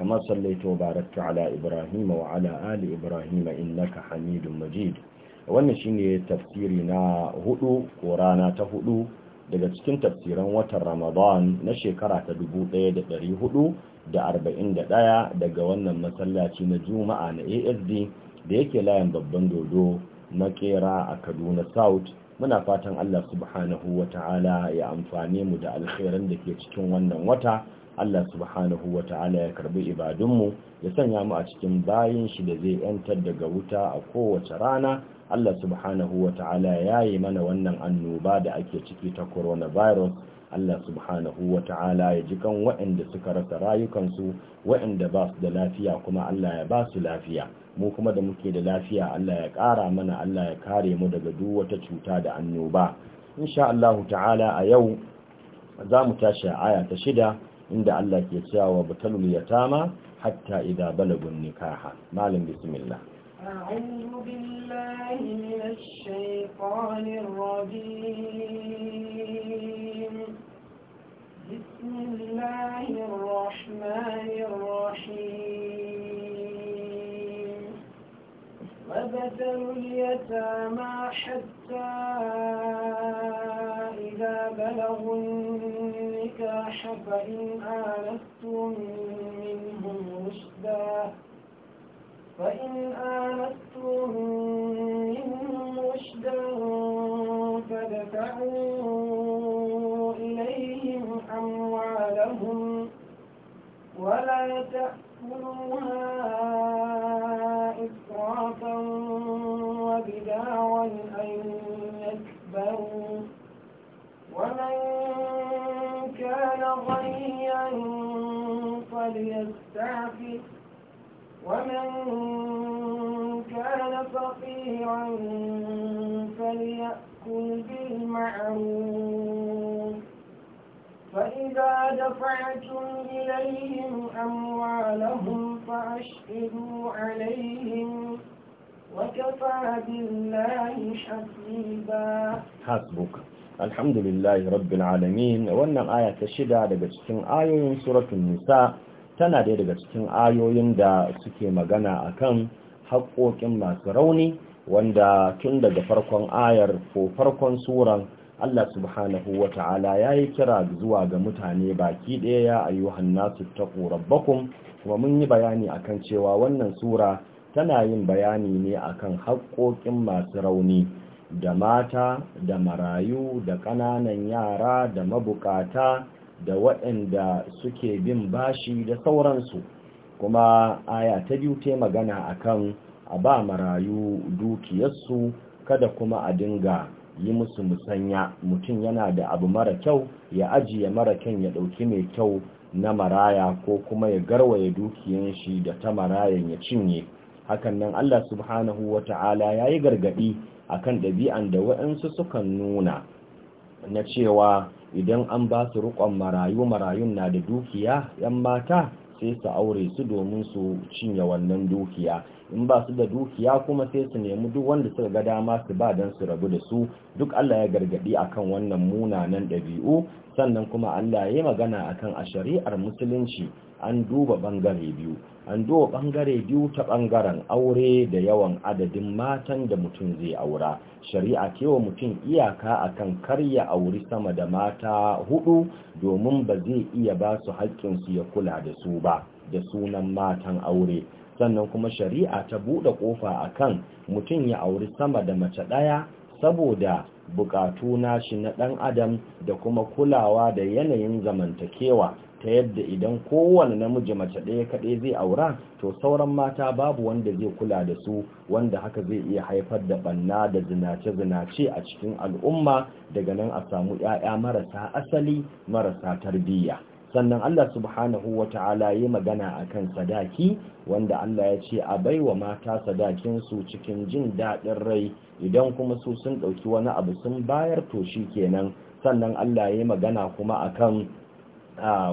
كما صليت وباركت على إبراهيم وعلى آل إبراهيم إنك حميد مجيد wannan shine tafsiri na hudu ko rana ta hudu daga cikin tafsiran watan Ramadan na shekara ta 1441 daga wannan masallaci na Juma'a na ASD da yake layin babban dodo na kera a Kaduna South muna fatan Allah subhanahu wa ta'ala ya amfane mu da alkhairan da ke cikin wannan wata Allah subhanahu wa ta'ala ya karbi ibadunmu ya sanya mu a cikin bayin shi da zai yantar daga wuta a kowace rana Allah subhanahu wa ta'ala ya yi mana wannan annoba da ake ciki ta coronavirus Allah subhanahu wa ta'ala ya ji kan waɗanda suka rasa rayukansu waɗanda ba su da lafiya kuma Allah ya ba su lafiya mu kuma da muke da lafiya Allah ya ƙara mana Allah ya kare mu daga duk wata cuta da annoba insha Allah ta'ala a yau za mu tashi a aya ta shida inda Allah ke cewa batalul yatama hatta idza balagun nikaha malam bismillah أعوذ بالله من الشيطان الرجيم بسم الله الرحمن الرحيم وبذلوا اليتامى حتى إذا بلغوا السلاح فإن آنستم منهم رشدا فإن آنستم منهم رشدا فدفعوا إليهم أموالهم ولا تأكلوها إسرافا بغيا فليستعفف ومن كان فقيرا فليأكل بالمعروف فإذا دفعتم إليهم أموالهم فأشهدوا عليهم وكفى بالله حسيبا حسبك alhamdulillahi rabbil alamin wannan aya ta shida daga cikin ayoyin suratul nisa tana daya daga cikin ayoyin da suke magana akan haƙoƙin masu rauni wanda tun daga farkon ayar ko farkon suran Allah subhanahu wa ta'ala ya yi kira zuwa ga mutane baki ɗaya ya ayyuhan nasu taqu rabbakum kuma mun yi bayani akan cewa wannan sura tana yin bayani ne akan haƙoƙin masu rauni da mata da marayu da ƙananan yara da mabukata da waɗanda suke bin bashi da sauransu kuma aya ta biyu ta magana akan a ba marayu dukiyarsu kada kuma a dinga yi musu musanya mutum yana da abu mara kyau ya ajiye mara kyan ya ɗauki mai kyau na maraya ko kuma ya garwaye dukiyan shi da ta marayan ya cinye hakan nan Allah subhanahu wa ta'ala ya yi gargaɗi akan ɗabi'an da waɗansu sukan nuna na cewa idan an ba su riƙon marayu marayun na da dukiya 'yan mata sai su aure su domin su cinye wannan dukiya in ba su da dukiya kuma sai su nemi duk wanda suka ga dama su ba don su rabu da su duk Allah ya gargadi akan wannan munanan ɗabi'u sannan kuma Allah ya yi magana akan a shari'ar musulunci an duba bangare biyu an duba bangare biyu ta bangaren aure da yawan adadin matan da mutum zai aura shari'a ce wa mutum iyaka akan karya auri sama da mata hudu domin ba zai iya ba su haƙƙinsu ya kula da su ba da sunan matan aure sannan kuma shari'a ta buɗe ƙofa akan mutum ya auri sama da mace ɗaya saboda bukatu nashi na ɗan adam da kuma kulawa da yanayin zamantakewa ta yadda idan kowane namiji mace ɗaya kaɗai zai aura to sauran mata babu wanda zai kula da su wanda haka zai iya haifar da ɓanna da zinace-zinace a cikin al'umma daga nan a samu 'ya'ya marasa asali marasa tarbiyya sannan Allah subhanahu wa ta'ala yi magana a kan sadaki wanda Allah ya ce a wa mata sadakinsu cikin jin daɗin rai idan kuma su sun ɗauki wani abu sun bayar to shi kenan sannan Allah ya yi magana kuma a kan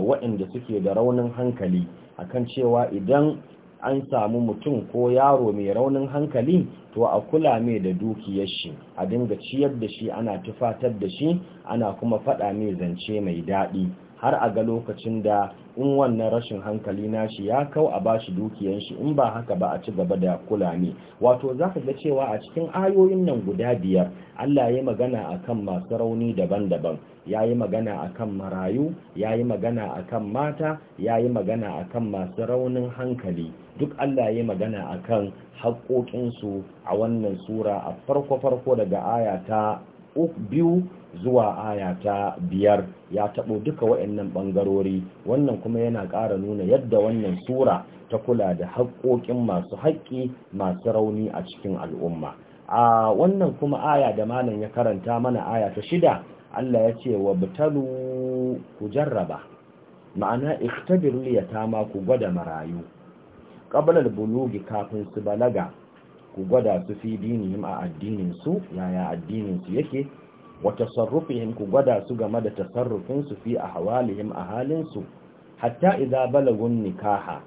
waɗanda suke da raunin hankali akan cewa idan an samu mutum ko yaro mai raunin hankali to a kula mai da dukiyar shi a dinga ciyar da shi ana tufatar da shi ana kuma faɗa mai zance mai daɗi har a ga lokacin da in wannan rashin hankali nashi ya kau a bashi dukiyar shi in ba haka ba a ci gaba da kula ne wato za ka ga cewa a cikin ayoyin nan guda biyar Allah ya magana akan masu rauni daban-daban ya yi magana a kan marayu ya yi magana a kan mata ya yi magana a kan masu raunin hankali duk Allah ya yi magana a kan haƙoƙinsu a wannan sura a farko-farko daga ayata biyu zuwa ayata biyar ya taɓo duka waɗannan ɓangarori wannan kuma yana ƙara nuna yadda wannan sura ta kula da haƙoƙin masu haƙƙi masu rauni a cikin al'umma a wannan kuma aya da malam ya karanta mana aya ta shida Allah ya ce wa batalu ku jarraba ma'ana ikhtabiru yatama ku gwada marayu qabla bulugi kafin su balaga ku gwada su fi dinihim a addinin su yaya addinin su yake wa tasarrufihim ku gwada su game da tasarrufin su fi ahwalihim a halin su hatta idza balagun nikaha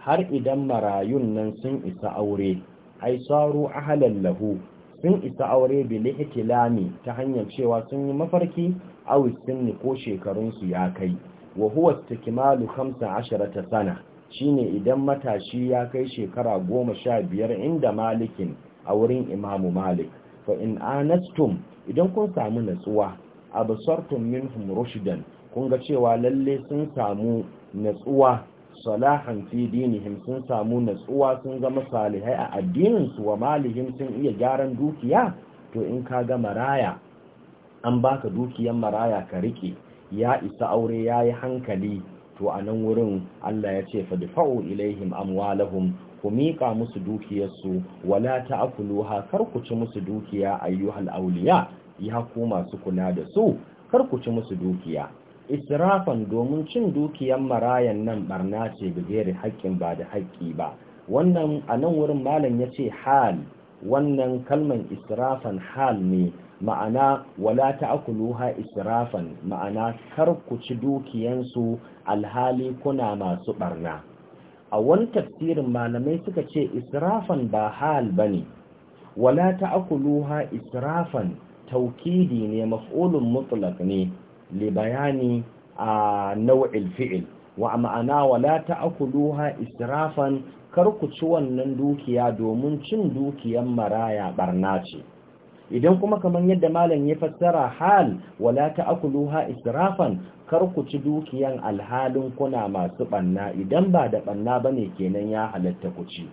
har idan marayun nan sun isa aure ai saru ahlan lahu sun isa aure bile itilami ta hanyar cewa sun yi mafarki aw sunni ko shekarunsu ya kai wa huwa istikmalu 15 sana shine idan matashi ya kai shekara goma sha biyar inda malikin a wurin imamu malik fa in anastum idan kun samu natsuwa absartum minhum rushdan kun ga cewa lalle sun samu natsuwa salahan fi dinihim sun samu natsuwa sun zama salihai a addininsu wa malihim sun iya gyaran dukiya to in ka ga maraya an baka dukiyar maraya ka rike ya isa aure ya yi hankali to a nan wurin Allah ya ce difa'u ilaihim amwalahum ku miƙa musu dukiyarsu wala ta'kuluha kar ku ci musu dukiya ayyuhal awliya ya ku masu kula da su kar ku ci musu dukiya israfan domin cin dukiyan marayan nan barna ce bigere haƙƙin ba da haƙƙi ba wannan a nan wurin malam ya ce hal wannan kalman israfan hal ne ma'ana wala ta ta'kuluha israfan ma'ana kar ku ci dukiyansu alhali kuna masu barna a wani tafsirin malamai suka ce israfan ba hal bane wala ta ta'kuluha israfan taukidi ne maf'ulun mutlaq ne libayani bayani a nau'il fi'il wa ma'ana wala ta'kuluha israfan kar ku ci wannan dukiya domin cin dukiyan maraya barna ce idan kuma kamar yadda malam ya fassara hal wala ta'kuluha israfan kar ku ci dukiyan alhalin kuna masu banna idan ba da banna bane kenan ya halatta ku ci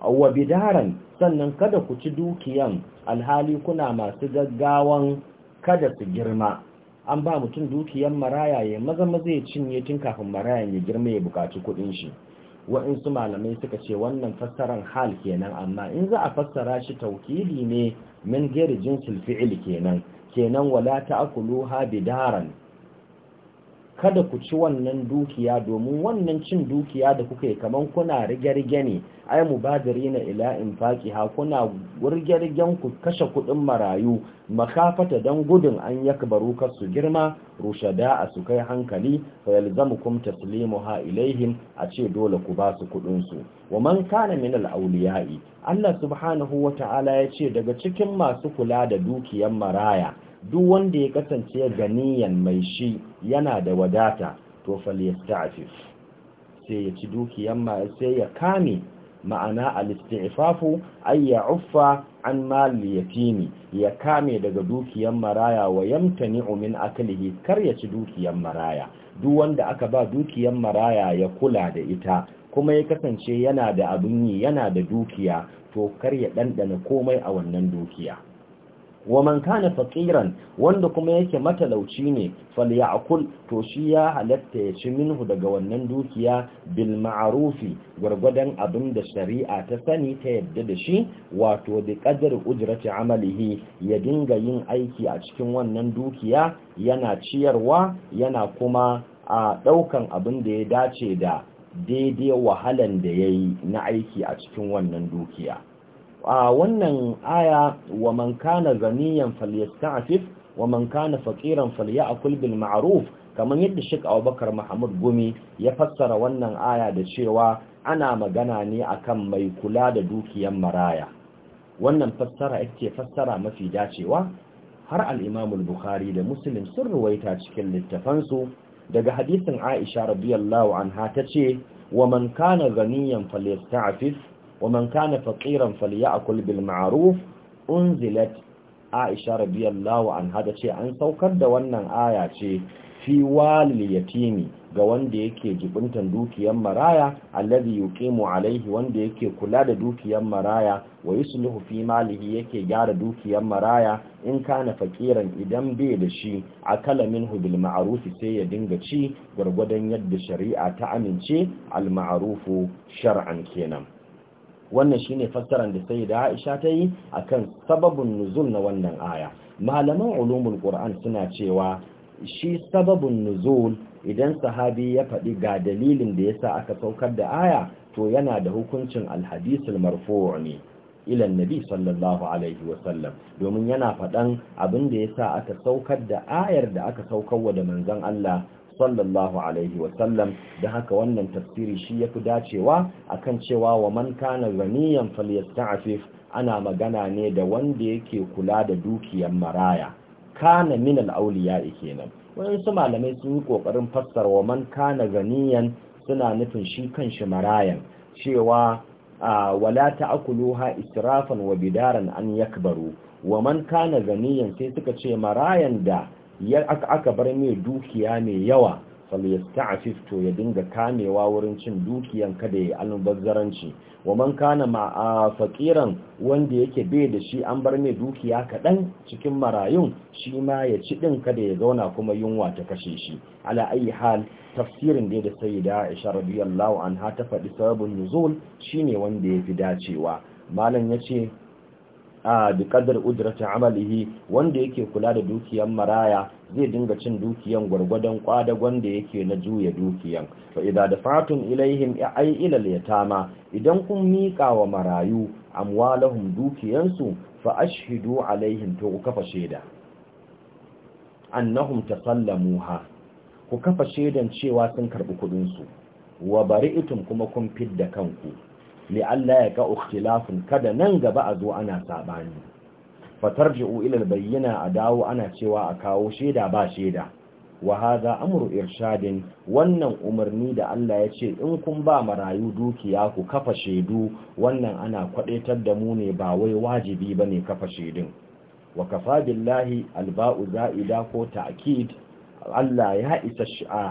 wa bidaran sannan kada ku ci dukiyan alhali kuna masu gaggawan kada su girma an ba mutum dukiyar maraya ya maza maza ya cinye tun kafin marayan ya girma ya bukaci kuɗin shi waɗansu malamai suka ce wannan fassaran hal kenan amma in za a fassara shi taukili ne min gari jinsil fi'il kenan kenan wala ta'kuluha bidaran kada ku ci wannan dukiya domin wannan cin dukiya da kuka yi kaman kuna rige-rige ne ai mubadiri na ila infaki ha kuna rige-rigen ku kashe kuɗin marayu makafata don gudun an yakbaru kar su girma rushada a su kai hankali fa yalzamukum taslimuha ilaihim a ce dole ku ba su kuɗin su wa man kana min al-awliya'i Allah subhanahu wata'ala ya ce daga cikin masu kula da dukiyar maraya duk wanda ya kasance ganiyan mai shi yana da wadata to falyasta'fif sai ya ci dukiyan ma sai ya kame ma'ana al-isti'fafu ay ya'uffa an mal yatimi ya kame daga dukiyan maraya wa yamtani'u min aklihi kar ya ci dukiyan maraya duk wanda aka ba dukiyan maraya ya kula da ita kuma ya kasance yana da abin yi yana da dukiya to kar ya dandana komai a wannan dukiya wa man kana faqiran wanda kuma yake matalauci ne falyakul to shi ya halatta ya ci minhu daga wannan dukiya bil ma'rufi gurgudan abin da shari'a ta sani ta yadda da shi wato da qadar ujrati amalihi ya dinga yin aiki a cikin wannan dukiya yana ciyarwa yana kuma a daukan abin da ya dace da daidai wahalan da yayi na aiki a cikin wannan dukiya a wannan aya wa man kana ganiyan falyasta'fif wa man kana faqiran falyakul bil ma'ruf kamar yadda Sheikh Bakar Muhammad Gumi ya fassara wannan aya da cewa ana magana ne akan mai kula da dukiyar maraya wannan fassara yake fassara mafi dacewa har al-Imam al-Bukhari da Muslim sun ruwaita cikin littafansu daga hadisin Aisha radiyallahu anha tace wa man kana ganiyan falyasta'fif ومن كان فقيرا فليأكل بالمعروف أنزلت عائشة رضي الله عنها هذا شيء عن سوكر دا wannan aya ce fi walil yatimi ga wanda yake jibuntan dukiyar maraya alladhi yuqimu alaihi wanda yake kula da dukiyar maraya wa yuslihu fi malihi yake gyara dukiyar maraya in kana faƙiran idan bai da shi akala minhu bil ma'ruf sai ya dinga ci gurgudan yadda shari'a ta amince al ma'rufu shar'an kenan wannan shi ne fassarar da sai da Aisha ta yi a kan sababin nuzul na wannan aya malaman ulumul qur'an suna cewa shi sababin nuzul idan sahabi ya faɗi ga dalilin da ya sa aka saukar da aya to yana da hukuncin alhadisul marfu' ne ilan nabi sallallahu alaihi sallam domin yana faɗan abin da ya sa aka saukar da ayar da aka saukar wa da manzon Allah sallallahu alaihi wasallam da haka wannan tafsiri shi ya fi dacewa akan cewa wa man kana zaniyan falyasta'fif ana magana ne da wanda yake kula da dukiyar maraya kana min al-awliya kenan su malamai sun yi kokarin fassara wa man kana zaniyan suna nufin shi kanshi marayan cewa wala ta'kuluha israfan wa bidaran an yakbaru wa man kana zaniyan sai suka ce marayan da ya aka aka bar mai dukiya mai yawa sta'afif to ya dinga kamewa wurin cin dukiyan kada ya almubazzaranci wa man kana ma faqiran wanda yake bai da shi an bar mai dukiya kadan cikin marayun shi ma ya ci din kada ya zauna kuma yunwa ta kashe shi ala ayi hal tafsirin da da sayyida Aisha radiyallahu anha ta faɗi sababin nuzul shine wanda yafi dacewa malam yace bi ƙadar udrati amalihi wanda yake kula da dukiyan maraya zai dinga cin dukiyan gwargwadon ƙwada gwanda yake na juya dukiyan fa da dafatun ilaihim ai ila al-yatama idan kun mika wa marayu amwalahum su fa ashhidu alaihim to ku kafa sheda annahum tasallamuha ku kafa shedan cewa sun karbi kudin su wa bari'tum kuma kun fidda kanku li Allah ya ga ikhtilafun kada nan gaba a zo ana sabani fatarji'u ila bayyana a dawo ana cewa a kawo sheda ba sheda wa hadha amru irshadin wannan umarni da Allah ya ce in kun ba marayu dukiya ku kafa shedu wannan ana kwadaitar da mu ne ba wai wajibi bane kafa shedin wa kafa billahi alba'u za'ida ko ta'kid Allah ya isa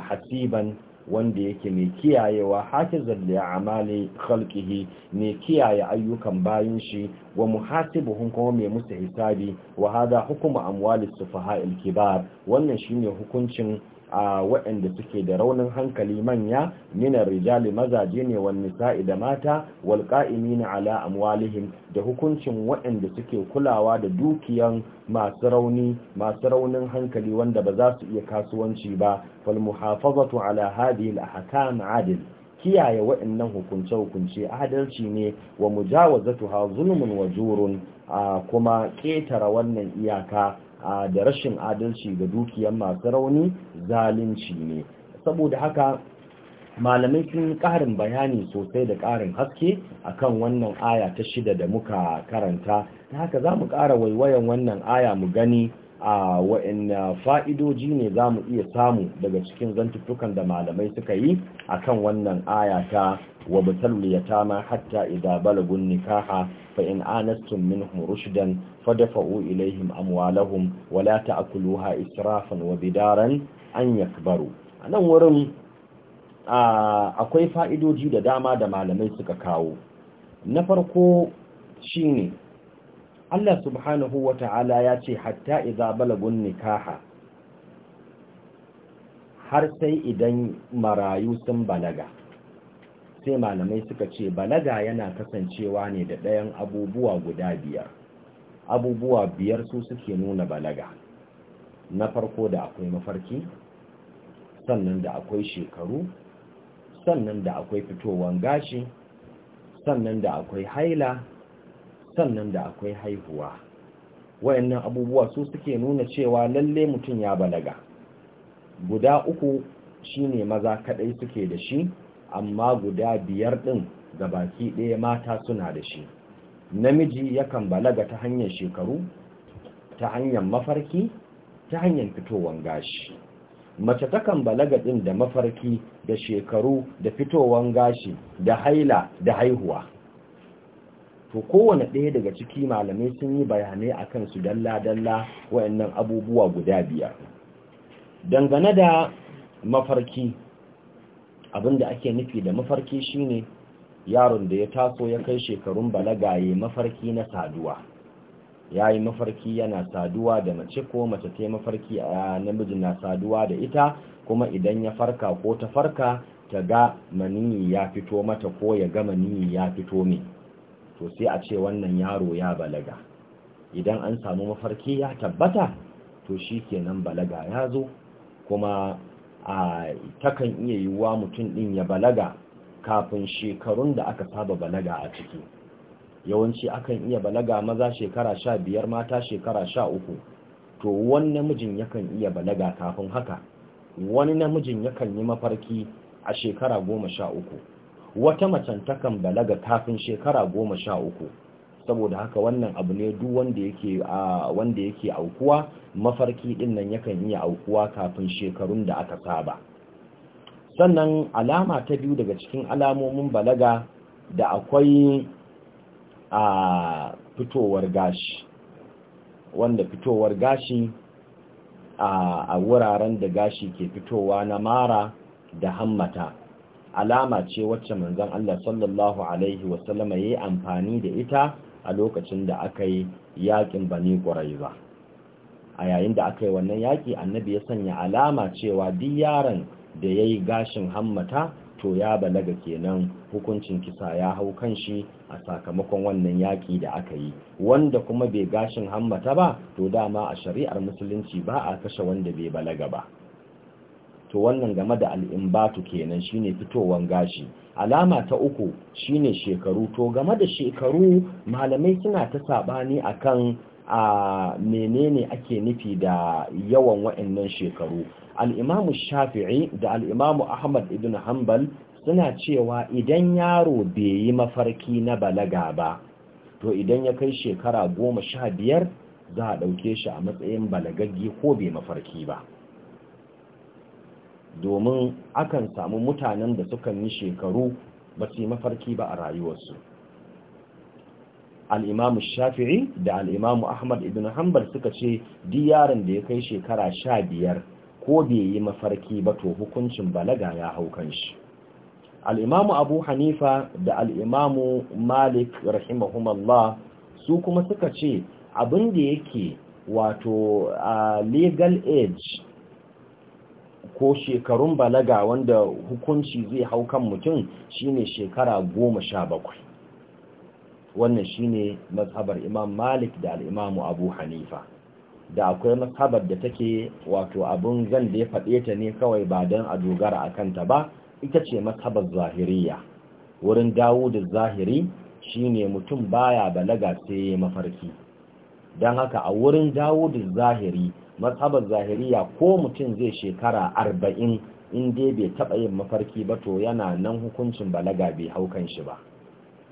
hasiban wanda yake mai kiyayewa hafizan a amali khalqihi ne kiyaye ayyukan bayin shi wa muhasibuhum kuma mai musu hisabi wa hada hukuma amwalis sufaha'il kibar wannan shine hukuncin a waɗanda suke da raunin hankali manya nina rijali mazaje ne wa nisa'i da mata wal qa'imina ala amwalihim da hukuncin waɗanda suke kulawa da dukiyan masu rauni masu raunin hankali wanda ba za su iya kasuwanci ba fal muhafazatu ala hadhihi al ahkam adil kiyaye waɗannan hukunce-hukunce adalci ne wa mujawazatuha zulmun wa jurun kuma ketara wannan iyaka da rashin adalci ga dukiyar masu rauni zalunci ne saboda haka malamai sun yi ƙarin bayani sosai da ƙarin haske akan wannan aya ta shida da muka karanta ta haka za mu ƙara waiwayan wannan aya mu gani a wa'anna fa'idoji ne za mu iya samu daga cikin zantuttukan da malamai suka yi a kan wannan aya ta wa ya tama, hatta idan balagun nikaha fa in anastum minhum rushdan fadfa'u ilayhim amwalahum wa la ta'kuluha israfan wa bidaran an yakbaru anan wurin akwai fa'idoji da dama da malamai suka kawo na farko shine Allah subhanahu wa ta'ala ya ce hatta iza balagun nikaha har sai idan marayu sun balaga sai malamai suka ce balaga yana kasancewa ne da ɗayan abubuwa guda biyar abubuwa biyar su suke nuna balaga na farko da akwai mafarki sannan da akwai shekaru sannan da akwai fitowar gashi sannan da akwai haila sannan da akwai haihuwa wayannan abubuwa su suke nuna cewa lalle mutum ya balaga guda uku shine maza kadai suke da shi amma guda biyar din baki ɗaya mata suna da shi namiji yakan balaga ta hanyar shekaru ta hanyar mafarki ta hanyar fitowar gashi mace takan balaga din da mafarki da shekaru da fitowar gashi da haila da haihuwa to kowane ɗaya daga ciki malamai sun yi bayanai a kansu dalla-dalla wayannan abubuwa guda biyar dangane da mafarki da ake nufi da mafarki shine yaron da ya taso ya kai shekarun balaga ya mafarki na saduwa ya yi mafarki yana saduwa da mace ko mace ta mafarki a namiji na saduwa da ita kuma idan ya farka ko ta farka ta ga maniyi ya fito mata ko ya ga maniyi ya fito mai to sai a ce wannan yaro ya balaga idan an samu mafarki ya tabbata to shi kenan balaga ya zo kuma a takan iya yiwuwa mutum ɗin ya balaga kafin shekarun da aka saba balaga a ciki yawanci akan iya balaga maza shekara sha biyar mata shekara sha uku to wani namijin yakan iya balaga kafin haka wani namijin yakan yi mafarki a shekara goma sha uku wata macen takan balaga kafin shekara goma sha uku saboda haka wannan abu ne duk wanda yake wanda yake aukuwa mafarki din nan yakan iya aukuwa kafin shekarun da aka saba sannan alama ta biyu daga cikin alamomin balaga da akwai a fitowar gashi wanda fitowar gashi a wuraren da gashi ke fitowa na mara da hammata alama ce wacce manzon Allah sallallahu alaihi wasallam ya yi amfani da ita a lokacin da aka yi yakin bani ba. a yayin da aka yi wannan yaki annabi ya sanya alama cewa duk yaron da ya yi gashin hammata to ya balaga kenan hukuncin kisa ya hau kan shi a sakamakon wannan yaƙi da aka yi wanda kuma bai gashin hammata ba to dama a shari'ar musulunci ba a kashe wanda bai balaga ba to wannan game da al'imbatu kenan shine fitowan gashi alama ta uku shine shekaru to game da shekaru malamai suna ta sabani akan a menene ake nufi da yawan wa'annan shekaru al'imamu shafi'i da al'imamu ahmad ibn hanbal suna cewa idan yaro bai yi mafarki na balaga ba to idan ya kai shekara goma sha biyar za a ɗauke shi a matsayin balagagge ko bai mafarki ba domin akan samu mutanen da sukan yi shekaru ba su yi mafarki ba a rayuwarsu al'imamu shafi'i da al'imamu ahmad ibn hanbal suka ce diyarin da ya kai shekara sha biyar ko bai yi mafarki ba to hukuncin balaga ya hau kanshi al'imamu abu hanifa da al'imamu malik rahimahumallah su kuma suka ce abin da yake wato legal age ko shekarun balaga wanda hukunci zai hau kan mutum shine shekara goma sha bakwai wannan shine mazhabar imam malik da al'imamu abu hanifa da akwai mazhabar da take wato abun zan da ya faɗe ta ne kawai ba don a dogara a kanta ba ita ce mazhabar zahiriya wurin dawo da zahiri shine mutum baya balaga sai mafarki don haka a wurin dawo da zahiri Matsabar zahiriya ko mutum zai shekara arba'in in dai bai taɓa yin mafarki ba to yana nan hukuncin balaga bai haukan shi ba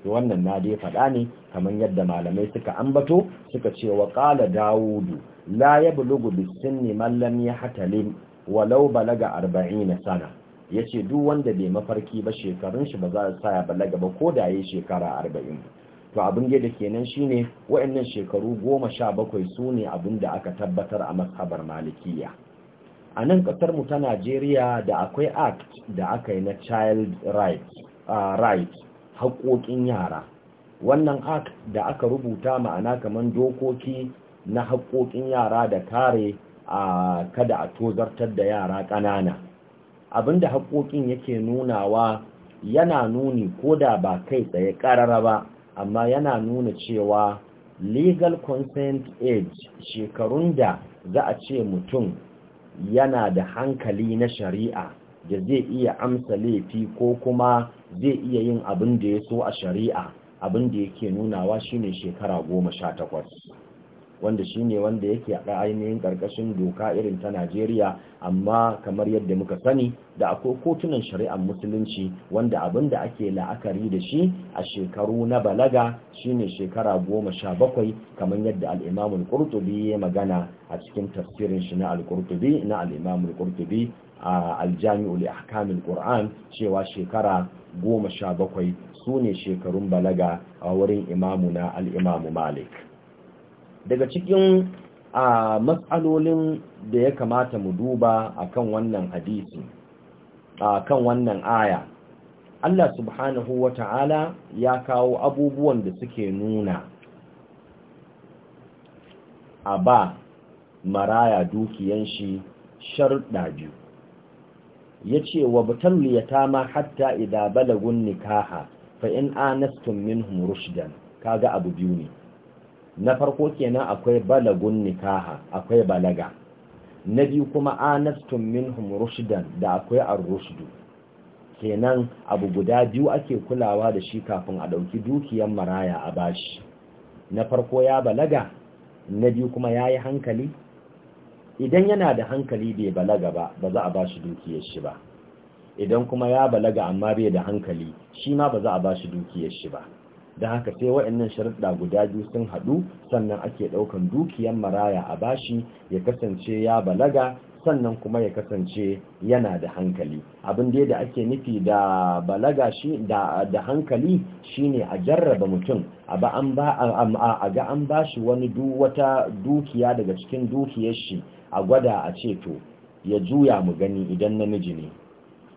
to wannan na dai faɗa ne kamar yadda malamai suka ambato suka ce wa ƙala dawudu la ya bulugu ne mallam ya hatalim walau balaga arba'in na sana Ya ce duk wanda bai mafarki ba shekarun shi ba za su sa ya balaga ba ko da yi shekara arba'in to abin da kenan shine wayannan shekaru goma sha bakwai su ne abin da aka tabbatar a mashabar malikiya a nan kasar mu ta Najeriya da akwai act da aka yi na child rights uh, right haƙoƙin yara wannan act da aka rubuta ma'ana kamar dokoki na haƙoƙin yara da kare a kada a tozartar da yara ƙanana Abin da haƙoƙin yake nunawa yana nuni ko da ba kai tsaye ƙarara ba amma yana nuna cewa legal consent age shekarun da za a ce mutum yana da hankali na shari'a da zai iya amsa laifi ko kuma zai iya yin abin da ya so a shari'a abin da yake nunawa shine shekara goma sha takwas wanda shi ne wanda yake a ainihin ƙarƙashin doka irin ta Najeriya amma kamar yadda muka sani da akwai kotunan shari'ar musulunci wanda abin da ake la'akari da shi a shekaru na balaga shine shekara goma sha bakwai kamar yadda al'imamun ƙurtubi ya magana a cikin tafsirin shi na al na al'imamun ƙurtubi a aljami'ul ahkamul qur'an cewa shekara goma sha bakwai su ne shekarun balaga a wurin imamuna al'imamu malik daga cikin a matsalolin da ya kamata mu duba akan wannan hadisi akan wannan aya Allah subhanahu wata'ala ya kawo abubuwan da suke nuna a ba maraya dukiyan shi sharɗa biyu ya ce wa butallu ya ma hatta idabalagun nikaha fa in anastum minhum rushdan kaga abu biyu ne na farko kenan akwai balagun nikaha akwai balaga na biyu kuma anastum minhum rushdan da akwai ar-rushdu kenan abu guda biyu ake kulawa da shi kafin a dauki dukiyar maraya a bashi na farko ya balaga na biyu kuma yayi hankali idan yana da hankali bai balaga ba ba za a bashi dukiyar shi ba idan kuma ya balaga amma bai da hankali shi ma ba za a bashi dukiyar shi ba da haka sai wa'annan sharuɗa guda biyu sun haɗu sannan ake ɗaukan dukiyar maraya a bashi ya kasance ya balaga sannan kuma ya kasance yana da hankali abin da da ake nufi da balaga shi da, da hankali shine a jarraba mutum a ga an ba shi wani wata dukiya daga cikin dukiyar shi a gwada a ce to ya juya mu gani idan namiji ne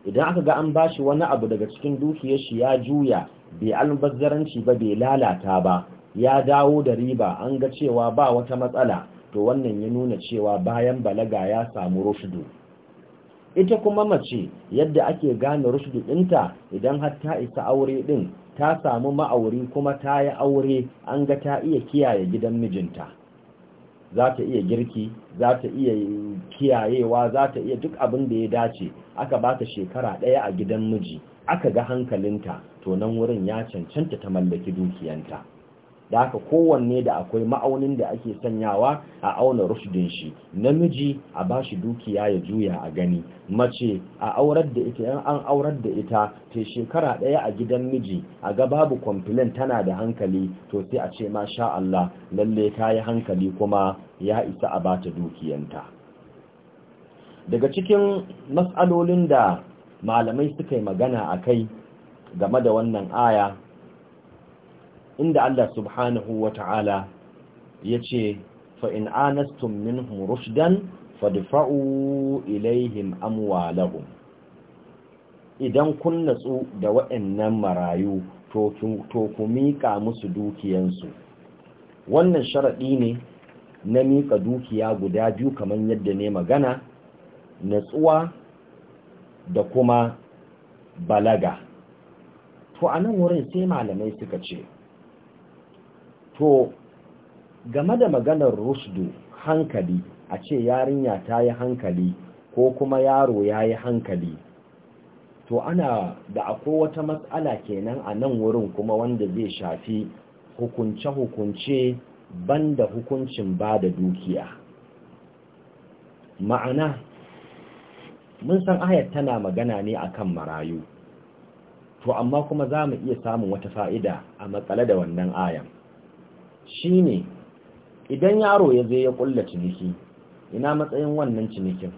idan aka ga an bashi wani abu daga cikin dukiyar shi ya juya bai albazzaranci ba bai lalata ba ya dawo da riba an ga cewa ba wata matsala to wannan ya nuna cewa bayan balaga ya samu rushdu ita kuma mace yadda ake gane rushdu ɗinta idan har ta isa aure ɗin ta samu ma'auri kuma ta yi aure an ga ta iya kiyaye gidan mijinta za ta iya girki za ta iya kiyayewa za ta iya duk abin da ya dace aka ba ta shekara ɗaya a gidan miji aka ga hankalinta to nan wurin ya cancanta ta mallaki dukiyanta da haka kowanne da akwai ma'aunin da ake sanyawa a auna rushdin shi namiji a bashi dukiya ya juya a gani mace a aurar da ita yan an aurar da ita ta shekara ɗaya a gidan miji a ga babu kwamfilin tana da hankali to sai a ce ma sha Allah lalle ta yi hankali kuma ya isa a bata dukiyanta daga cikin matsalolin da malamai suka yi magana a kai game da wannan aya inda Allah subhanahu wa ta'ala ya ce fa'in anastun min rushdan fadfa'u ilaihim amwalahum idan kun natsu da waɗannan marayu to ku miƙa musu dukiyansu wannan sharaɗi ne na miƙa dukiya guda biyu kamar yadda ne magana natsuwa da kuma balaga to a nan wurin sai malamai suka ce to game da maganar rusdu hankali a ce yarinya ta yi hankali ko kuma yaro ya yi hankali to ana da akwai wata matsala kenan a nan wurin kuma wanda zai shafi hukunce-hukunce banda hukuncin ba da dukiya ma'ana mun san ayat tana magana ne akan marayu to amma kuma za mu iya samun wata fa'ida a matsala da wannan ayan shi ne idan yaro ya zai ya ƙulla ciniki ina matsayin wannan cinikin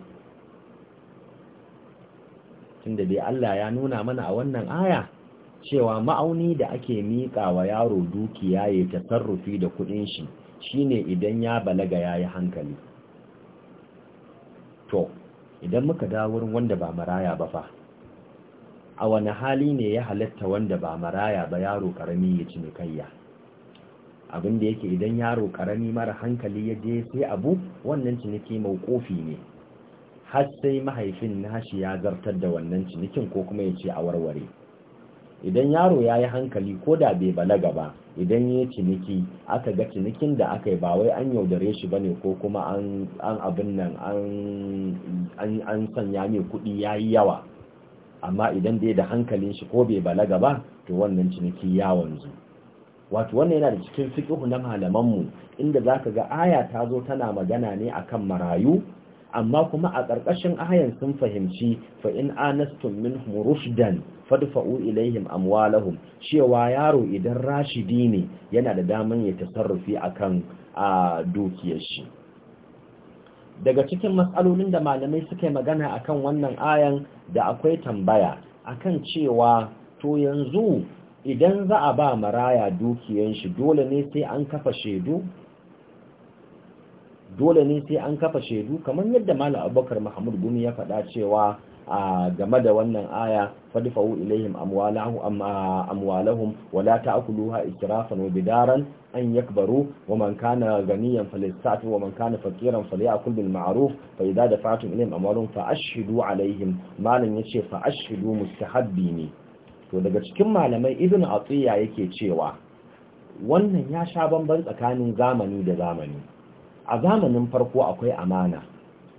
tunda dai Allah ya nuna mana a wannan aya cewa ma'auni da ake miƙa wa yaro dukiya ya ta tasarrufi da kuɗin shi shi ne idan ya balaga ya yi hankali to idan muka dawo wurin wanda ba maraya ba fa a wani hali ne ya halatta wanda ba maraya ba yaro karami ya ci kayya abin da yake idan yaro karami mara hankali ya je sai abu wannan ciniki kofi ne har sai mahaifin nashi ya zartar da wannan cinikin ko kuma ya ce a warware idan yaro ya yi hankali ko da bai balaga ba idan ya ciniki aka ga cinikin da aka yi ba wai an yaudare shi bane ko kuma an abin nan an sanya mai kuɗi ya yi yawa amma idan bai da hankalin shi ko bai balaga ba to wannan ciniki ya wanzu wato wannan yana da cikin fiƙihu na malamanmu inda za ka ga aya ta zo tana magana ne akan marayu amma kuma a ƙarƙashin ahayan sun fahimci fa in anastum min rushdan fadfa'u ilaihim amwalahum cewa yaro idan rashidi ne yana da daman ya tasarrufi akan a dukiyar shi daga cikin matsalolin da malamai suka yi magana akan wannan ayan da akwai tambaya akan cewa to yanzu idan za a ba maraya dukiyar shi dole ne sai an kafa shaidu dole ne sai an kafa shaidu kamar yadda malam abubakar mahmud gumi ya faɗa cewa a game da wannan aya fadfa'u ilaihim amwalahum amwalahum wa la ta'kuluha israfan wa bidaran an yakbaru wa man kana ganiyan falyastati wa man kana faqiran falyakul bil ma'ruf fa idza dafa'tum ilaihim amwalahum fa ashhidu alaihim malam yace fa ashhidu mustahabbi ne to daga cikin malamai ibn atiya yake cewa wannan ya sha bambam tsakanin zamani da zamani a zamanin farko akwai amana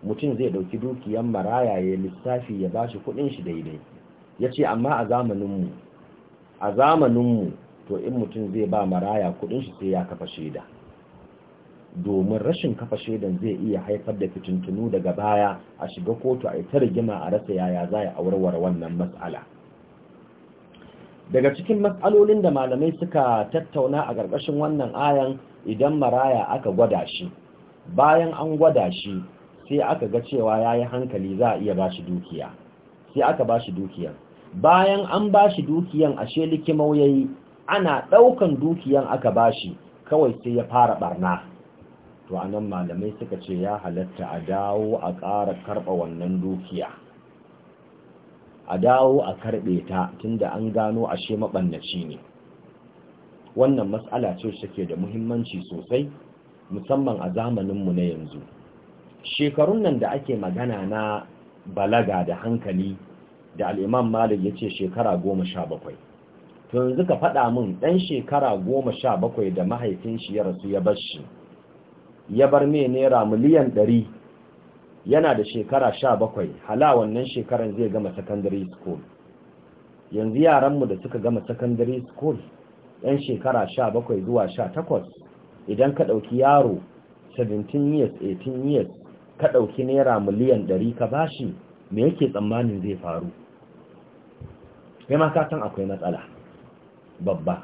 mutum zai dauki dukiyar maraya ya lissafi ya ba shi kudin shi daidai ya ce amma a zamaninmu a zamaninmu to in mutum zai ba maraya kudin shi sai ya kafa shaida domin rashin kafa shaidan zai iya haifar da fitintunu daga baya a shiga kotu a ita rigima a rasa yaya za a warware wannan matsala daga cikin matsalolin da malamai suka tattauna a ƙarƙashin wannan ayan idan maraya aka gwada shi bayan an gwada shi sai aka ga cewa ya yi hankali za a iya ba shi dukiya sai aka ba shi dukiyan bayan an ba shi dukiyan ashe likimau ya yi ana ɗaukan dukiyan aka ba shi kawai sai ya fara ɓarna. to a nan malamai suka ce ya halatta a dawo a ƙara karɓa wannan dukiya a dawo a karɓe ta tunda an gano ashe maɓannaci ne wannan matsala ce ke da muhimmanci sosai musamman a zamaninmu na yanzu shekarun nan da ake magana na balaga da hankali da al'imam malik ya ce shekara goma sha bakwai to yanzu ka faɗa min ɗan shekara goma sha bakwai da mahaifin shi ya rasu ya bar shi ya bar mai naira miliyan ɗari yana da shekara sha bakwai hala wannan shekaran zai gama secondary school yanzu yaranmu da suka gama secondary school ɗan shekara sha bakwai zuwa sha takwas idan ka ɗauki yaro 17 years 18 years ka ɗauki naira miliyan 100 ka bashi me yake tsammanin zai faru Sai ma ka san akwai matsala babba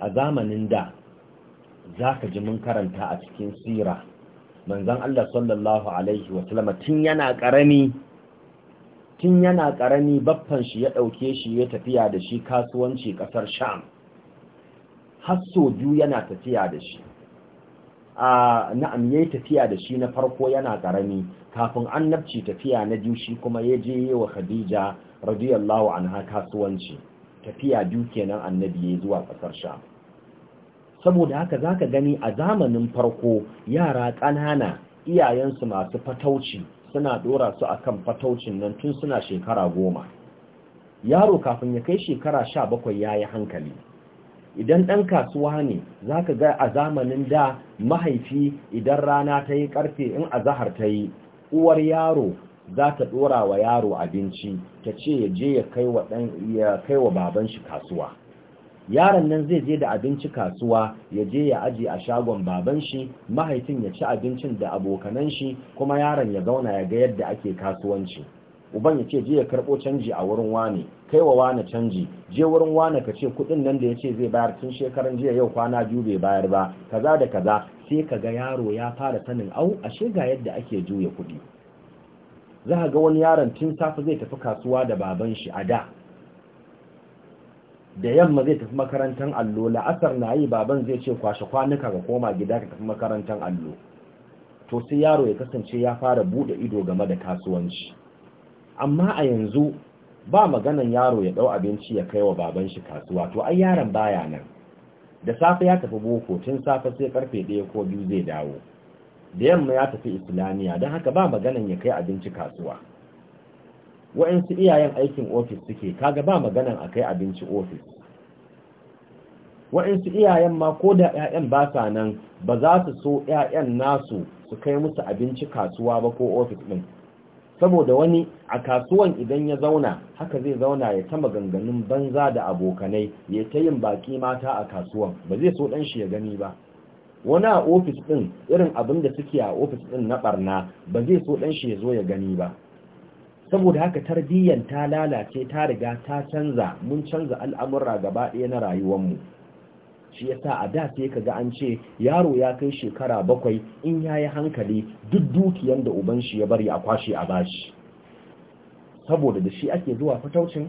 a zamanin da za ka ji mun karanta a cikin sira manzan Allah sallallahu Alaihi wasallama tun yana ƙarami tun yana ƙarami baffan shi ya ɗauke shi ya tafiya da shi kasuwanci ƙasar sham hasso biyu yana tafiya da shi na'am yayi tafiya da shi na farko yana karami kafin annabci tafiya na biyu shi kuma ya je yi wa Khadija radiyallahu anha kasuwanci tafiya biyu kenan annabi ya zuwa kasar sha. saboda haka zaka gani a zamanin farko yara ƙanana iyayensu masu fatauci suna dora su akan fataucin nan tun suna shekara goma yaro kafin ya kai shekara sha bakwai ya yi hankali idan ɗan kasuwa ne za ka ga a zamanin da mahaifi idan rana ta yi ƙarfe in a zahar ta yi uwar yaro za ta ɗora wa yaro abinci ta ce ya je ya kai wa baban shi kasuwa yaron nan zai je da abinci kasuwa ya je ya aje a shagon baban shi mahaifin ya ci abincin da abokanan shi kuma yaron ya zauna ya ga yadda ake kasuwanci uban ya ce je ya karɓo canji a wurin wani. kai wa wani canji je wurin wane ka ce kuɗin nan da ya ce zai bayar tun shekaran jiya yau kwana biyu bai bayar ba kaza da kaza sai ka ga yaro ya fara sanin au ashe ga yadda ake juya kuɗi za ka ga wani yaron tun safe zai tafi kasuwa da baban shi a da da yamma zai tafi makarantar allo la'asar na yi baban zai ce kwashe kwanuka ka koma gida ka tafi makarantar allo to sai yaro ya kasance ya fara bude ido game da kasuwanci amma a yanzu ba maganan yaro ya ɗau abinci ya kai wa baban shi kasuwa to ai yaron baya nan da safe ya tafi boko tun safe sai karfe ɗaya ko biyu zai dawo da yamma ya tafi islamiya don haka ba maganan ya kai abinci kasuwa wa'insu iyayen aikin ofis suke kaga ba maganan a kai abinci ofis wa'insu iyayen ma ko da 'ya'yan ba sa nan ba za su so 'ya'yan nasu su kai musu abinci kasuwa ba ko ofis ɗin saboda wani a kasuwan idan ya zauna haka zai zauna ya ta maganganun banza da abokanai ya ta yin baki mata a kasuwan ba zai so ɗan shi ya gani ba wani a ofis ɗin irin abin da suke a ofis ɗin na ɓarna ba zai so ɗan shi ya zo ya gani ba saboda haka tarbiyyar ta lalace ta riga ta canza mun canza al'amurra gaba ɗaya na rayuwarmu shi yasa a da sai ga an ce yaro ya kai shekara bakwai in yayi hankali duk dukiyan da uban shi ya bari a kwashe a bashi saboda da shi ake zuwa fataucin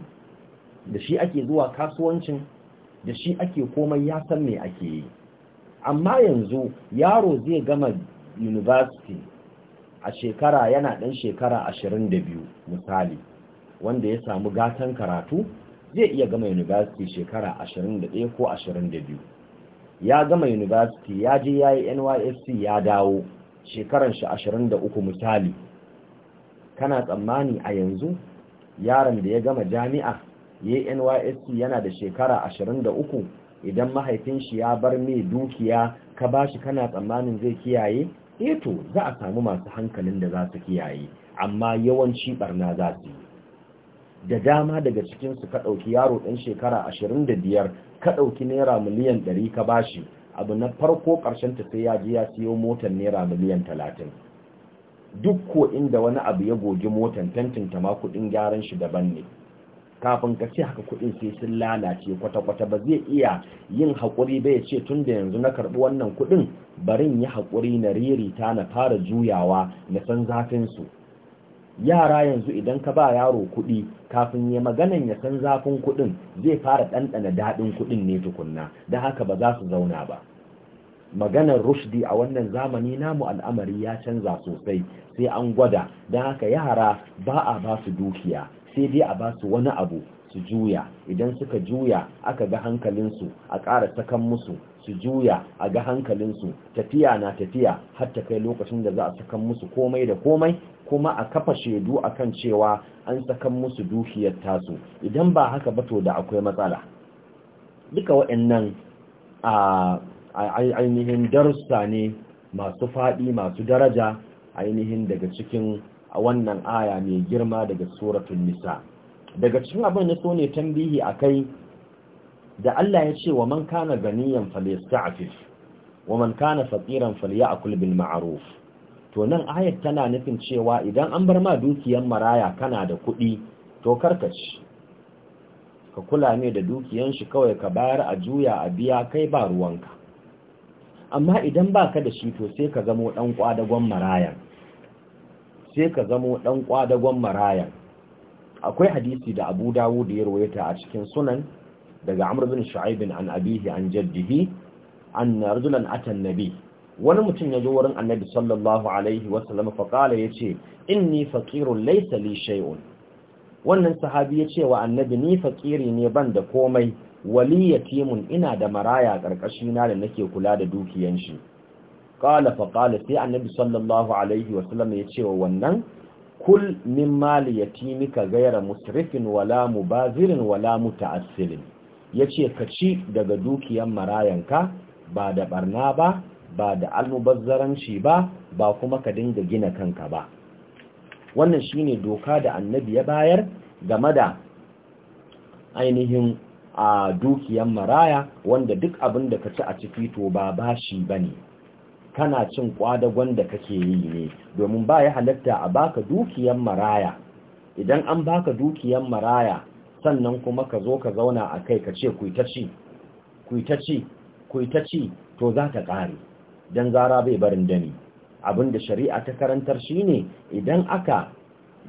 da shi ake zuwa kasuwancin da shi ake komai ya san me ake yi amma yanzu yaro zai gama university a shekara yana dan shekara 22 misali wanda ya samu gatan karatu zai iya gama university shekara 21 ko 22 ya gama university ya je ya yi nysc ya dawo shekaran shi 23 misali kana tsammani a yanzu yaron da ya gama jami'a ya nysc yana da shekara 23 idan mahaifin shi ya bar mai dukiya ka bashi kana tsammanin zai kiyaye eto eh za a samu masu hankalin da za su kiyaye amma yawanci barna za su yi da dama daga cikinsu ka ɗauki yaro ɗan shekara 25 ka ɗauki naira miliyan 100 ka bashi abu na farko ƙarshen ta sai ya je ya siyo motar naira miliyan 30 duk ko inda wani abu ya goge motar ta ma kuɗin gyaran shi daban ne kafin ka ce haka kuɗin sai sun lalace kwata-kwata ba zai iya yin haƙuri bai ce tun da yanzu na karɓi wannan kuɗin barin yi haƙuri na ririta na fara juyawa na san zafin su yara yanzu idan ka ba yaro kuɗi kafin ya maganan ya san zafin kuɗin zai fara ɗanɗana daɗin kuɗin ne tukunna da haka ba za su zauna ba maganar rushdi a wannan zamani namu al'amari ya canza sosai sai an gwada don haka yara ba a ba su dukiya sai dai a ba su wani abu su juya idan suka juya aka ga hankalinsu a ƙara sakan musu su juya a ga hankalinsu tafiya na tafiya har ta kai lokacin da za a sakan musu komai da komai kuma a kafa shaidu akan cewa an sakan musu dukiyar tasu idan ba haka ba to da akwai matsala duka waɗannan a ainihin darussa ne masu faɗi masu daraja ainihin daga cikin a wannan aya mai girma daga suratul nisa daga cikin abin da so ne tambihi a kai da Allah ya ce wa man kana ganiyan falyasta'fif wa man kana falya falyakul bil ma'ruf to nan ayat tana nufin cewa idan an bar ma dukiyan maraya kana da kuɗi to karkaci ka kula ne da dukiyan shi kawai ka bayar a juya a biya kai ba ruwanka amma idan baka da shi to sai ka zamo dan kwadagon maraya sai ka zamo dan kwadagon marayan akwai hadisi da abu dawud ya rawaita a cikin sunan daga amr bin shu'aib an abihi an jaddihi an rajulan atan nabi wani mutum yaje wurin annabi sallallahu alaihi wa sallam fa qala yace inni faqirun laysa li shay'un wannan sahabi yace wa annabi ni faqiri ne ban da komai wali yatimun ina da maraya karkashi na da nake kula da dukiyan shi qala fa qala sai annabi sallallahu alaihi wa sallam yace wa wannan kul min mali ka gaira musrifin wala mubazirin wala muta'assilin yace ka ci daga dukiyar marayanka ba da barna ba ba da almubazzaranci ba ba kuma ka dinga gina kanka ba wannan shine doka da annabi ya bayar game da ainihin a dukiyar maraya wanda duk abin da ka ci a ciki to ba bashi bane kana cin kwadagon da kake yi ne domin ba ya halatta a baka dukiyan maraya idan an baka dukiyan maraya sannan kuma ka zo ka zauna a kai ka ce kuitaci kuitaci kuitaci to za ta ƙare don zara bai barin dani abinda shari'a ta karantar shine idan aka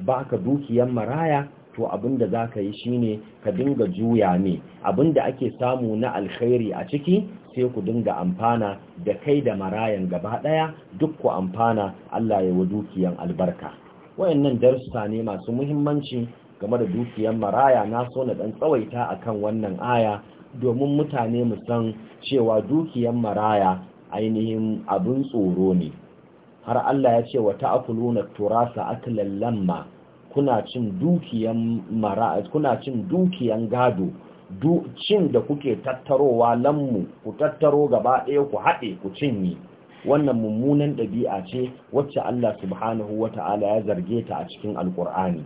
baka dukiyan maraya to abinda za ka yi shine ka dinga juya ne abinda ake samu na alkhairi a ciki sai ku dinga amfana da kai da marayan gaba ɗaya duk ku amfana Allah ya wa dukiyan albarka wayannan darussa ne masu muhimmanci game da dukiyan maraya na so na ɗan tsawaita a kan wannan aya domin mutane mu san cewa dukiyan maraya ainihin abin tsoro ne har Allah ya ce wa ta'kuluna turasa aklan lamma kuna cin dukiyan gado cin da kuke tattarowa lammu ku tattaro gaba ɗaya ku haɗe ku cinye wannan mummunan ɗabi'a ce wacce Allah subhanahu wa ta'ala ya zarge ta a cikin alƙur'ani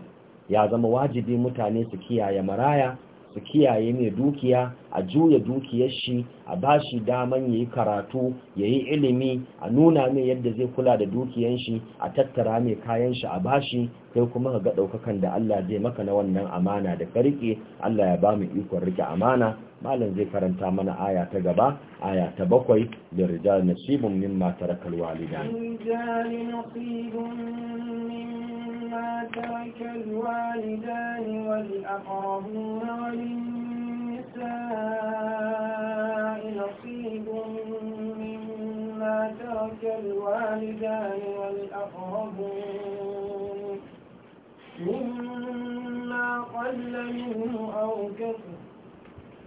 ya zama wajibi mutane su kiyaye maraya su kiyaye mai dukiya a juya dukiyar shi a bashi daman yayi karatu yayi ilimi a nuna mai yadda zai kula da dukiyar shi a tattara mai kayan shi a bashi kai kuma ka ga daukakan da Allah zai maka na wannan amana da ka riƙe Allah ya ba mu ikon rike amana malam zai karanta mana aya ta gaba aya ta bakwai da rijal nasibun mimma tarakal walidan مما ترك الوالدان والأقربون وللنساء نصيب مما ترك الوالدان والأقربون مما قل منه أو كثر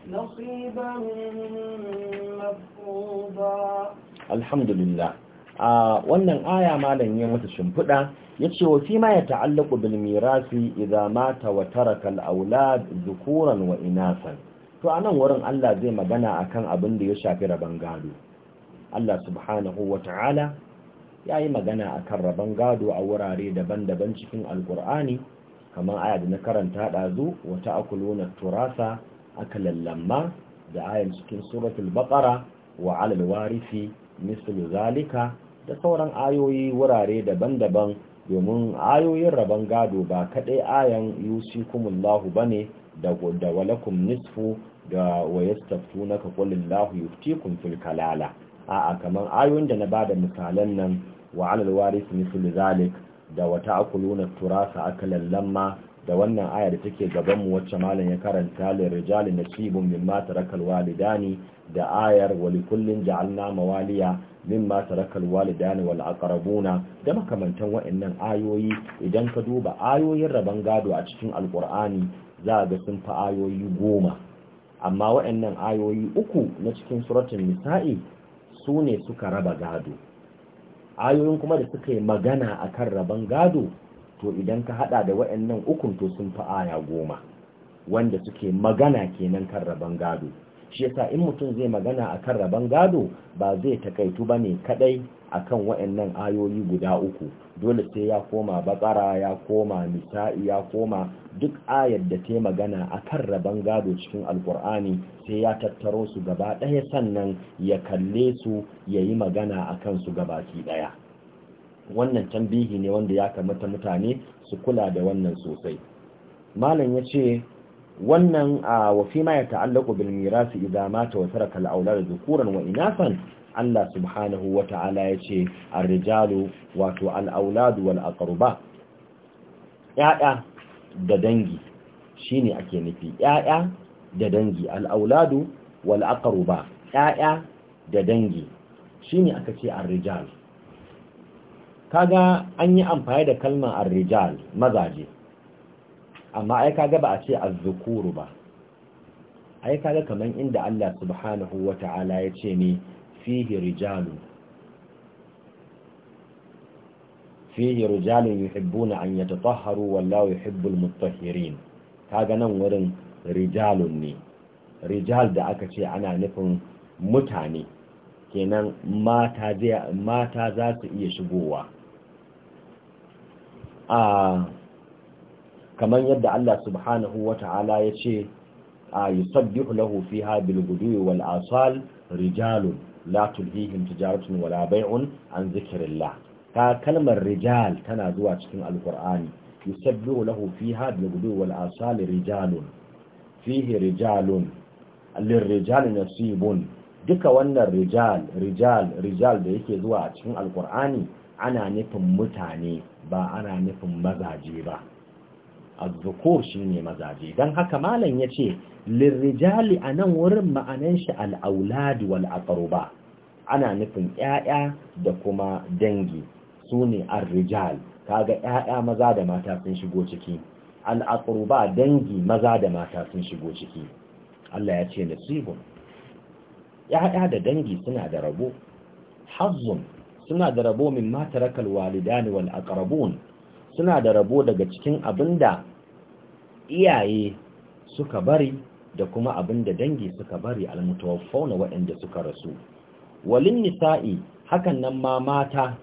نصيبا مفروضا الحمد لله a wannan aya malam ya mata shimfiɗa ya ce wa fi ma ya ta'allaku bil mirasi idza mata wa taraka al aulad dhukuran wa inasan to anan wurin Allah zai magana akan abin da ya shafi raban gado Allah subhanahu wa ta'ala yayi magana akan raban gado a wurare daban-daban cikin alqur'ani kamar aya da na karanta dazu wa ta'kuluna turasa akalan lamma da ayan cikin suratul baqara wa 'alal warisi mislu zalika da sauran ayoyi wurare daban-daban domin ayoyin rabon gado ba kaɗai ayan yusi yusikumullahu ba ne da walakum nisfu da wayastaftunaka qulillahu yuftikum fil kalala a'a kamar ayoyin da na ba da misalan nan wa alal waris zalik da wata akuluna turasa akalan lamma da wannan aya da take mu wacce malam ya karanta lil rijali nasibun mimma tarakal walidani da ayar wa likullin ja'alna mawaliya mimma tarakal walidani wal aqrabuna da makamantan wa'annan ayoyi idan ka duba ayoyin raban gado a cikin alqur'ani za ga sun fa ayoyi goma amma wa'annan ayoyi uku na cikin suratul nisa'i sune suka raba gado ayoyin kuma da suka yi magana akan raban gado to idan ka hada da wayannan ukun to sun fi aya goma wanda suke magana kenan kan rabon gado shi yasa in mutum zai magana a kan rabon gado ba zai takaitu ba ne kadai akan kan ayoyi guda uku dole sai ya koma bakara ya koma nisa'i ya koma duk ayar da ta magana a kan rabon gado cikin alkur'ani sai ya tattaro su gaba ɗaya sannan ya kalle su ya yi magana a kansu gabaki ɗaya wannan tambihi ne wanda ya kamata mutane su kula da wannan sosai malam ya ce wannan a wafi ma ya ta'allaku bil mirasi idan mata wa taraka da aulad zukuran wa inasan Allah subhanahu wa ta'ala ya ce ar wato al-aulad wal ya'ya da dangi shine ake nufi ya'ya da dangi al-auladu wal aqrba ya'ya da dangi shine aka ce ar kaga an yi amfani da kalmar Rijal, mazaje amma ai kaga ba a ce azzukuru ba ai kaga kaman inda Allah subhanahu wata'ala ya ce ne fihi rijalun fihi rijalun yuhibbuna an yatatahharu wallahu yuhibbul mutahhirin kaga nan wurin rijalun ne rijal da aka ce ana nufin mutane kenan mata za su iya shigowa a kamar yadda Allah subhanahu wa ta'ala ya ce a yusabbihu lahu fiha bil gudu wal asal rijalun la tulhihim tijaratun wala bai'un an zikrillah ka kalmar rijal tana zuwa cikin alqur'ani yusabbi lahu fiha bil gudu wal asal rijalun fihi rijalun lil rijal nasibun duka wannan rijal rijal rijal da yake zuwa a cikin alqur'ani ana nufin mutane ba ana nufin mazaje ba azzukur shine mazaje dan haka malam yace lirrijali anan wurin ma'anan shi al-aulad wal aqruba ana nufin yaya da kuma dangi sune ar-rijal kaga 'yaya maza da mata sun shigo ciki al-aqruba dangi maza da mata sun shigo ciki Allah yace ce nasibun ƴaƴa da dangi suna da rabo hazzun suna da rabo min ma tarakal walidani wal aqrabun suna da rabo daga cikin abinda iyaye suka bari da kuma abinda dangi suka bari al mutawaffawna waɗanda suka rasu walin nisa'i hakan nan ma mata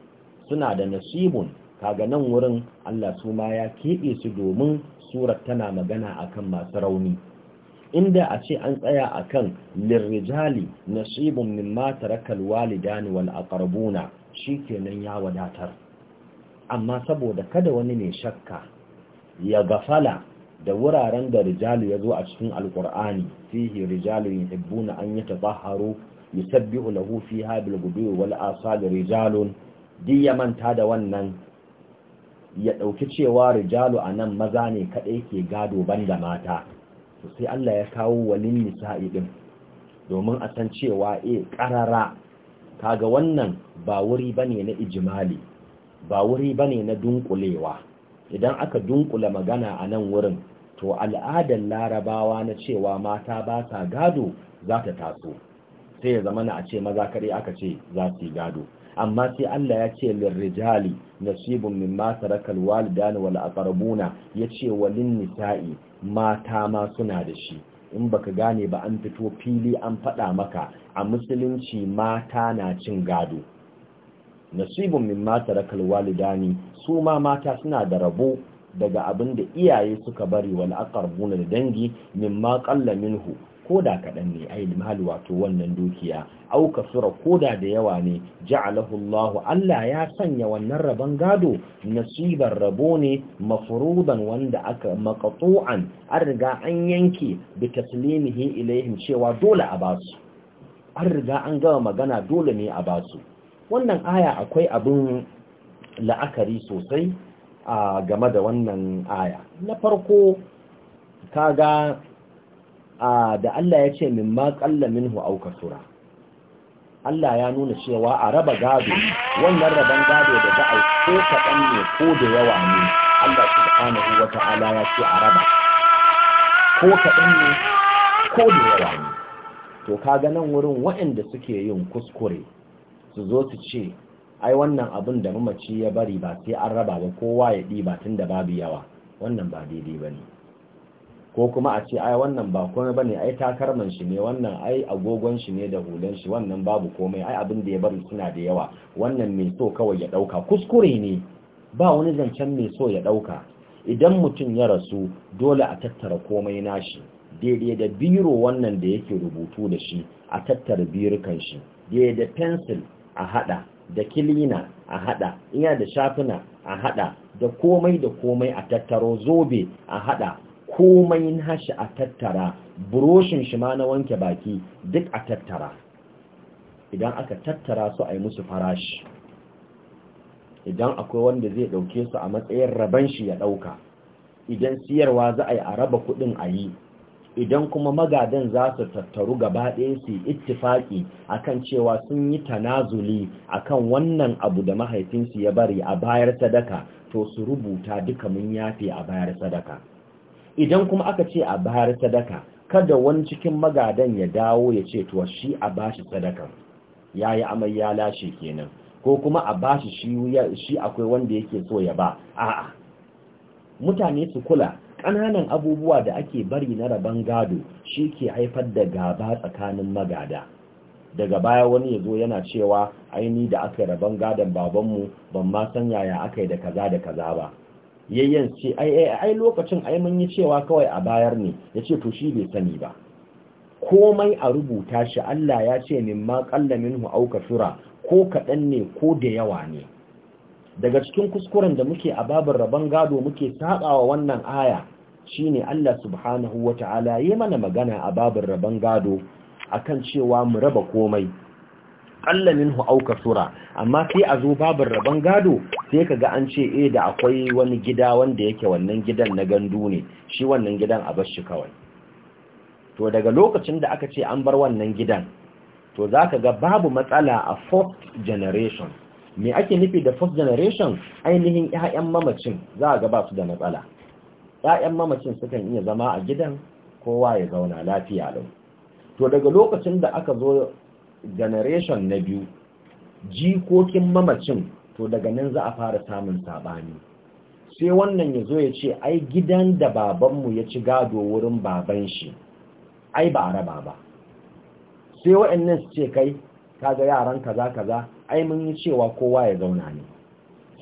suna da nasibun kaga nan wurin Allah su ma ya keɓe su domin surar tana magana akan masu rauni inda a ce an tsaya akan lirrijali nasibun ma tarakal walidani wal aqrabuna shi kenan ya wadatar amma saboda kada wani mai shakka ya gafala da wuraren da rijalu ya zo a cikin alkur'ani fihi rijalu yuhibbuna an yatahharu yusabbihu lahu fiha bil ghudwi wal asal rijalun manta da wannan ya ɗauki cewa rijalu a nan maza ne kadai ke gado banda mata to sai Allah ya kawo walin nisa'i din domin a san cewa eh karara kaga wannan ba wuri bane na ijimali ba wuri bane na dunkulewa idan aka dunkula magana a nan wurin to al'adar larabawa na cewa mata ba sa gado za ta taso sai ya zama na a ce maza kare aka ce za su yi gado amma sai Allah ya ce lirrijali nasibun min ma sarakal walidani wal aqrabuna yace walin nisa'i mata ma suna da shi in baka gane ba an fito fili an fada maka a musulunci mata na cin gado nasibun min mata rakal walidani su ma mata suna da rabo daga abin da iyaye suka bari wal buna da dangi min ma qalla minhu koda kaɗan ne ai limhal wato wannan dukiya au kasura koda da yawa ne ja'alahu Allah Allah ya sanya wannan rabon gado nasibar rabo ne mafrudan wanda aka maqtu'an an riga an yanke bi taslimihi ilaihim cewa dole a basu an riga an gama magana dole ne a basu wannan aya akwai abin la'akari sosai a game da wannan aya na farko kaga a da Allah ya ce min ma kalla minhu aw kasura Allah ya nuna cewa a raba gado wannan raban gado da za a ko kaɗan ne ko da yawa ne Allah subhanahu wa ya ce a raba ko kaɗan ne ko da yawa ne to kaga nan wurin waɗanda suke yin kuskure su zo su ce ai wannan abin da mamaci ya bari ba sai an raba ba kowa ya ɗiba tun da babu yawa wannan ba daidai ba ne ko kuma a ce ai wannan ba komai ba ne ai takarman shi ne wannan ai agogon shi ne da hulan shi wannan babu komai ai abin da ya bari suna da yawa wannan mai so kawai ya ɗauka kuskure ne ba wani zancen mai so ya ɗauka idan mutum ya rasu dole a tattara komai nashi daidai da biro wannan da yake rubutu da shi a tattara birukan shi daidai da pencil a haɗa, da kilina a haɗa, ina da shafuna a haɗa, da komai da komai a tattaro zobe a haɗa, komai nashi a tattara buroshin shi ma na wanke baki duk a tattara idan aka tattara su a yi musu farashi idan akwai wanda zai dauke su a matsayin rabon shi ya dauka idan siyarwa za a yi a raba kudin a yi idan kuma magadan za su tattaru gaba ɗaya su ittifaki kan cewa sun yi tanazuli kan wannan abu da mahaifinsu ya bari a bayar sadaka to su rubuta duka mun yafe a bayar sadaka idan kuma aka ce a bayar sadaka kada wani cikin magadan ya dawo ya ce to shi a ba shi sadaka yayi amai ya lashe kenan ko kuma a ba shi shi akwai wanda yake so ya ba a'a mutane su kula ƙananan abubuwa da ake bari na rabon gado shi ke haifar da gaba tsakanin magada daga baya wani ya zo yana cewa aini da aka rabon gadon babanmu ban ma san yaya aka yi da kaza da kaza ba yayyan ce ai lokacin ai mun yi cewa kawai a bayar ne ya ce to shi bai sani ba komai a rubuta shi Allah ya ce min ma qalla minhu auka sura, ko kaɗan ne ko da yawa ne daga cikin kuskuren da muke a babin rabon gado muke saɓawa wannan aya shine Allah subhanahu wata'ala yi mana magana a babin rabon gado akan cewa mu raba komai min minhu auka sura, amma sai a zo babin rabon gado sai ka ga an ce eh da akwai wani gida wanda yake wannan gidan na gandu ne shi wannan gidan a bashi kawai to daga lokacin da aka ce an bar wannan gidan to zaka ga babu matsala a fourth generation me ake nufi da first generation ainihin ƴaƴan mamacin za a gaba su da matsala ƴaƴan mamacin sukan iya zama a gidan kowa ya zauna lafiya lau to daga lokacin da aka zo generation na biyu jikokin mamacin to daga nan za a fara samun saɓani. sai wannan ya zo ya ce ai gidan da babanmu ya ci gado wurin baban shi ai ba a raba ba sai waɗannan su ce kai ka ga yaran kaza kaza ai mun yi cewa kowa ya zauna ne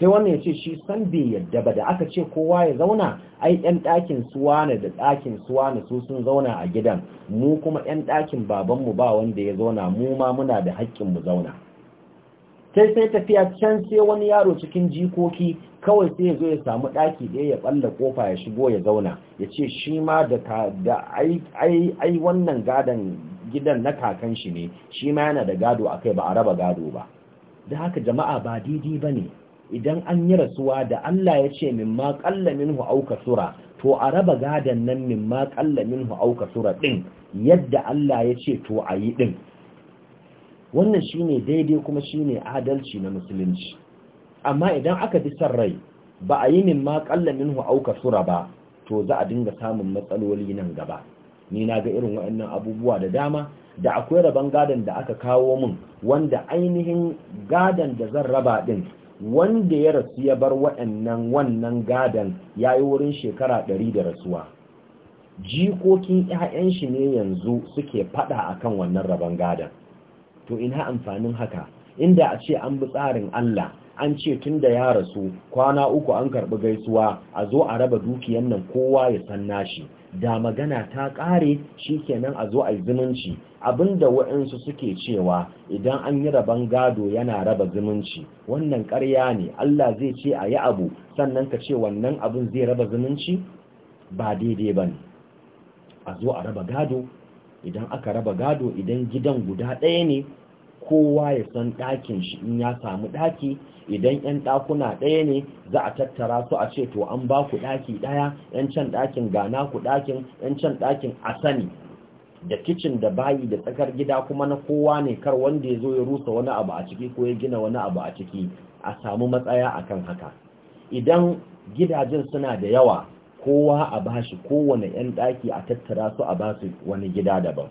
sai wannan ya ce shi san bai yadda ba da aka ce kowa ya zauna ai yan ɗakin suwa ne da ɗakin suwa ne su sun zauna a gidan mu kuma yan ɗakin babanmu ba wanda ya zauna mu ma muna da haƙƙin mu zauna sai sai tafiya can sai wani yaro cikin jikoki kawai sai ya zo ya samu ɗaki ɗaya ya ɓalla kofa ya shigo ya zauna ya ce shi ma da ai wannan gadon gidan na kakan shi ne shi ma yana da gado a kai, ba a raba gado ba da haka jama'a ba didi ba ne idan an yi rasuwa da Allah ya ce min ma ƙalla auka sura to a raba gadon nan min ma ƙalla auka sura ɗin yadda Allah ya ce to a yi ɗin wannan shi ne daidai kuma shi ne adalci na musulunci amma idan aka fi son rai ba a yi min ma ƙalla auka sura ba to za a dinga samun matsaloli nan gaba ni na ga irin waɗannan abubuwa da dama da akwai rabon gadon da aka kawo min wanda ainihin gadon da zan raba din wanda ya rasu ya bar waɗannan wannan gadon ya yi wurin shekara ɗari da rasuwa jikokin 'ya'yan shi ne yanzu suke faɗa akan wannan rabon gadon to ina amfanin haka inda a ce an bi tsarin Allah an ce tun da ya rasu kwana uku an karɓi gaisuwa a zo a raba dukiyan nan kowa ya san nashi da magana ta ƙare shi shikenan a zo a zumunci abinda waɗansu suke cewa idan an yi rabon gado yana raba zumunci wannan ƙarya ne Allah zai ce a yi abu sannan ka ce wannan abin zai raba zumunci ba daidai ba ne a zo a raba gado idan aka raba gado idan gidan guda ɗaya ne kowa ya san ɗakin shi in ya samu ɗaki idan 'yan ɗakuna ɗaya ne za a tattara su a ce to an ba ku ɗaki ɗaya 'yan can ɗakin gana ku ɗakin 'yan can ɗakin a sani da kicin da bayi da tsakar gida kuma na kowa ne kar wanda ya zo ya rusa wani abu a ciki ko ya gina wani abu a ciki a samu matsaya a kan haka idan gidajen suna da yawa kowa a bashi kowane 'yan ɗaki a tattara su a basu wani gida daban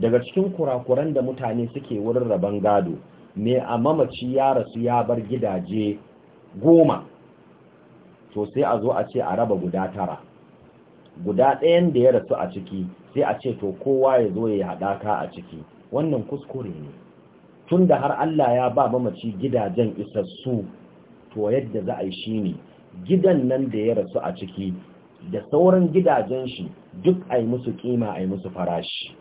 daga cikin kurakuran da mutane suke wurin rabon gado mai a mamaci ya rasu ya bar gidaje goma to sai a zo a ce a raba guda tara guda ɗayan da ya rasu a ciki sai a ce to kowa ya zo ya yi haɗaka a ciki wannan kuskure ne tun da har Allah ya ba mamaci gidajen isassu to yadda za a yi shi ne gidan nan da ya rasu a ciki da sauran gidajen shi duk a yi musu kima a yi musu farashi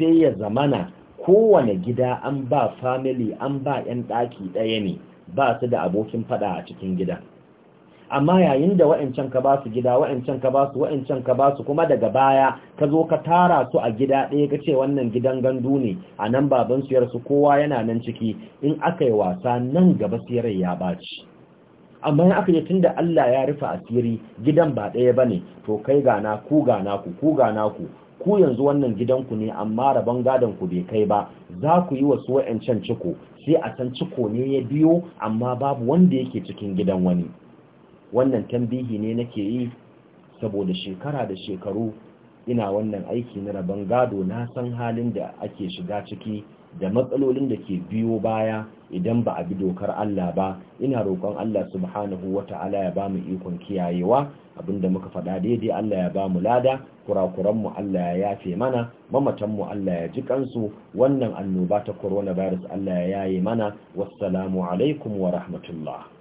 sai ya zamana kowane gida an ba family an ba 'yan ɗaki ɗaya ne ba su da abokin fada a cikin gida amma yayin da wa'ancan ka ba su gida wa'ancan ka ba su wa'ancan ka ba su kuma daga baya ka zo ka tara su a gida ɗaya ka ce wannan gidan gandu ne a nan baban su yarsu kowa yana nan ciki in aka yi wasa nan gaba siyarai ya ɓaci amma in aka yi tun da Allah ya rufe asiri gidan ba ɗaya ba ne to kai gana ku gana ku ku gana ku ku yanzu wannan gidanku ne amma rabon gadon ku bai kai ba za ku yi wasu wa'ancan ciko sai a san ciko ne ya biyo amma babu wanda yake cikin gidan wani wannan tambihi ne nake yi saboda shekara da shekaru ina wannan aiki na rabon gado na san halin da ake shiga ciki da matsalolin da ke biyo baya idan ba a bi dokar Allah ba ina roƙon Allah subhanahu wata'ala ya bamu ikon kiyayewa abinda muka faɗa daidai Allah ya bamu lada kurakuran mu Allah ya yafe mana mamatanmu Allah ya ji kansu wannan annoba ta coronavirus Allah ya yaye mana wassalamu alaikum wa rahmatullah